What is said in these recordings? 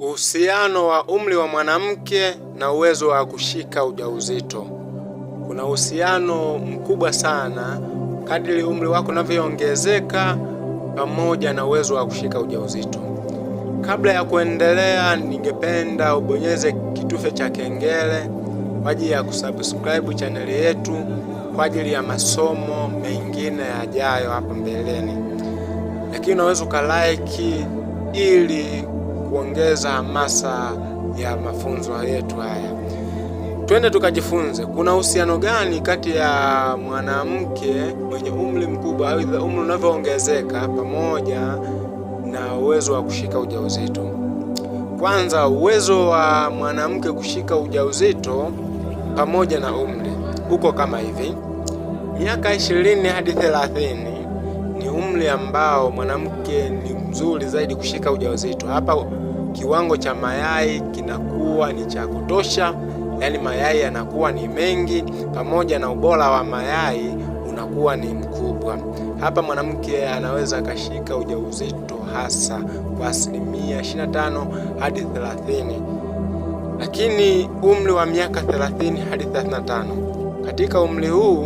Uhusiano wa umri wa mwanamke na uwezo wa kushika ujauzito. Kuna uhusiano mkubwa sana kadri umri wako unavyoongezeka pamoja na uwezo wa kushika ujauzito. Kabla ya kuendelea, ningependa ubonyeze kitufe cha kengele kwa ajili ya kusubscribe chaneli yetu kwa ajili ya masomo mengine yajayo hapa mbeleni, lakini unaweza ukalike ili kuongeza hamasa ya mafunzo yetu haya. Twende tukajifunze kuna uhusiano gani kati ya mwanamke mwenye umri mkubwa, aidha umri unavyoongezeka, pamoja na uwezo wa kushika ujauzito. Kwanza, uwezo wa mwanamke kushika ujauzito pamoja na umri uko kama hivi: miaka 20 hadi 30 ni umri ambao mwanamke ni mzuri zaidi kushika ujauzito hapa kiwango cha mayai kinakuwa ni cha kutosha, yaani mayai yanakuwa ni mengi, pamoja na ubora wa mayai unakuwa ni mkubwa. Hapa mwanamke anaweza akashika ujauzito hasa kwa asilimia 25 hadi 30, lakini umri wa miaka 30 hadi 35. Katika umri huu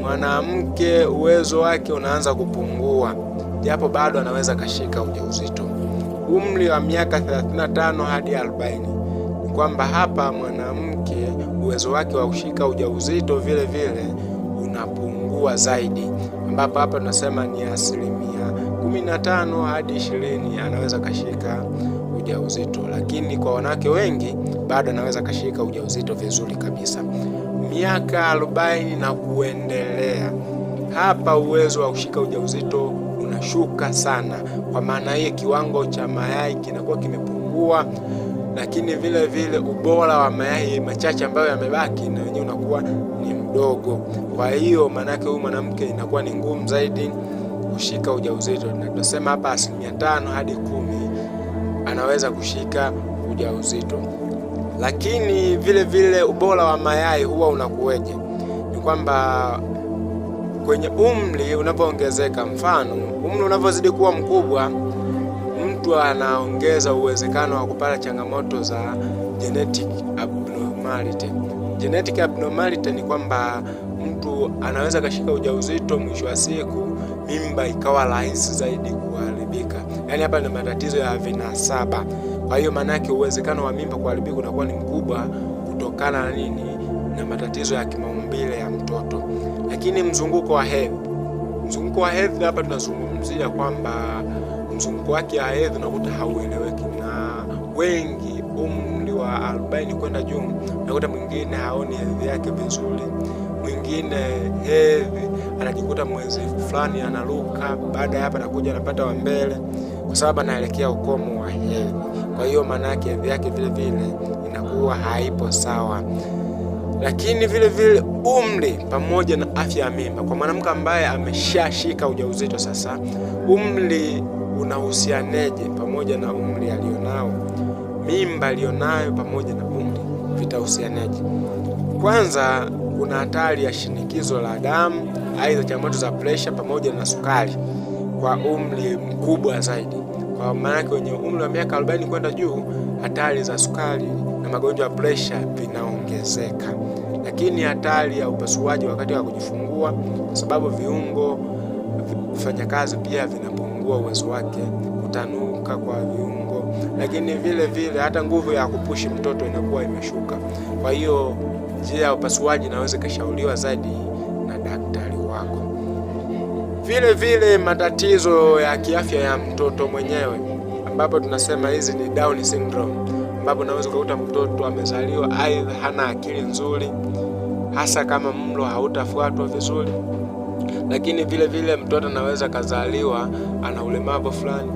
mwanamke uwezo wake unaanza kupungua, japo bado anaweza akashika ujauzito umri wa miaka 35 hadi 40. Ni kwamba hapa mwanamke uwezo wake wa kushika ujauzito vile vile unapungua zaidi, ambapo hapa tunasema ni asilimia 15 hadi 20 anaweza kashika ujauzito, lakini kwa wanawake wengi bado anaweza kashika ujauzito vizuri kabisa. Miaka 40 na kuendelea, hapa uwezo wa kushika ujauzito kinashuka sana. Kwa maana hiyo, kiwango cha mayai kinakuwa kimepungua, lakini vile vile ubora wa mayai machache ambayo yamebaki na wenyewe unakuwa ni mdogo. Kwa hiyo yake huyu mwanamke inakuwa ni ngumu zaidi kushika ujauzito, na tunasema hapa asilimia tano hadi kumi anaweza kushika ujauzito. Lakini vile vile ubora wa mayai huwa unakuweje? Ni kwamba kwenye umri unapoongezeka, mfano umri unavyozidi kuwa mkubwa, mtu anaongeza uwezekano wa kupata changamoto za genetic abnormality. Genetic abnormality ni kwamba mtu anaweza kashika ujauzito, mwisho wa siku mimba ikawa rahisi zaidi kuharibika. Yaani hapa ni matatizo ya vinasaba. Kwa hiyo yake uwezekano wa mimba kuharibika unakuwa ni mkubwa kutokana na nini? Na matatizo ya kimaumbile ya mtoto. Lakini mzunguko wa hedhi, mzunguko wa hedhi hapa tunazungumzia kwamba mzunguko wake wa hedhi unakuta haueleweki, na wengi umri wa 40 kwenda juu unakuta mwingine haoni hedhi yake vizuri, mwingine hedhi anajikuta mwezi fulani anaruka, baada ya hapa anakuja anapata wa mbele, kwa sababu anaelekea ukomo wa hedhi. Kwa hiyo maana yake hedhi yake vile vile inakuwa haipo sawa lakini vile vile umri pamoja na afya ya mimba. Kwa mwanamke ambaye ameshashika ujauzito sasa, umri unahusianeje pamoja na umri alionao? Mimba alionayo pamoja na umri vitahusianeje? Kwanza, kuna hatari ya shinikizo la damu, aidha changamoto za presha pamoja na sukari kwa umri mkubwa zaidi. Kwa maanake wenye umri wa miaka 40 kwenda juu, hatari za sukari na magonjwa ya presha vinaongezeka, lakini hatari ya upasuaji wakati wa kujifungua, kwa sababu viungo vifanya kazi pia vinapungua uwezo wake, kutanuka kwa viungo, lakini vile vile hata nguvu ya kupushi mtoto inakuwa imeshuka. Kwa hiyo njia ya upasuaji inaweza ikashauriwa zaidi na daktari wako. Vile vile matatizo ya kiafya ya mtoto mwenyewe, ambapo tunasema hizi ni Down syndrome, ambapo unaweza kukuta mtoto amezaliwa aidha hana akili nzuri, hasa kama mlo hautafuatwa vizuri, lakini vile vile mtoto anaweza kazaliwa ana ulemavu fulani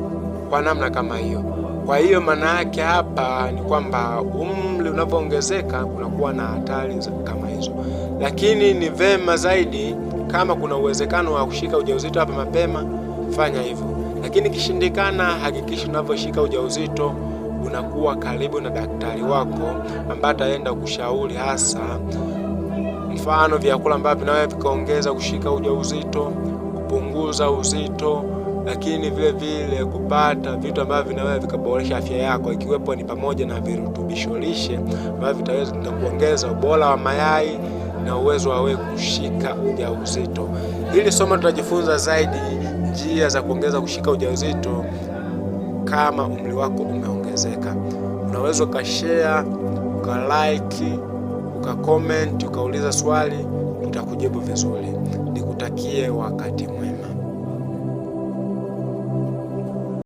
kwa namna kama hiyo. Kwa hiyo maana yake hapa ni kwamba umri unapoongezeka kunakuwa na hatari kama hizo, lakini ni vema zaidi kama kuna uwezekano wa kushika ujauzito hapa mapema, fanya hivyo, lakini kishindikana, hakikisha unavyoshika ujauzito unakuwa karibu na daktari wako ambaye ataenda kushauri hasa mfano vyakula ambavyo vinaweza vikaongeza kushika ujauzito, kupunguza uzito, lakini vile vile kupata vitu ambavyo vinaweza vikaboresha afya yako, ikiwepo ni pamoja na virutubisho lishe ambavyo vitaweza kuongeza ubora wa mayai na uwezo wa wewe kushika ujauzito. Hili somo tutajifunza zaidi njia za kuongeza kushika ujauzito kama umri wako umeongezeka. Unaweza ukashare, ukalike, ukakomenti, ukauliza swali, tutakujibu vizuri. Nikutakie wakati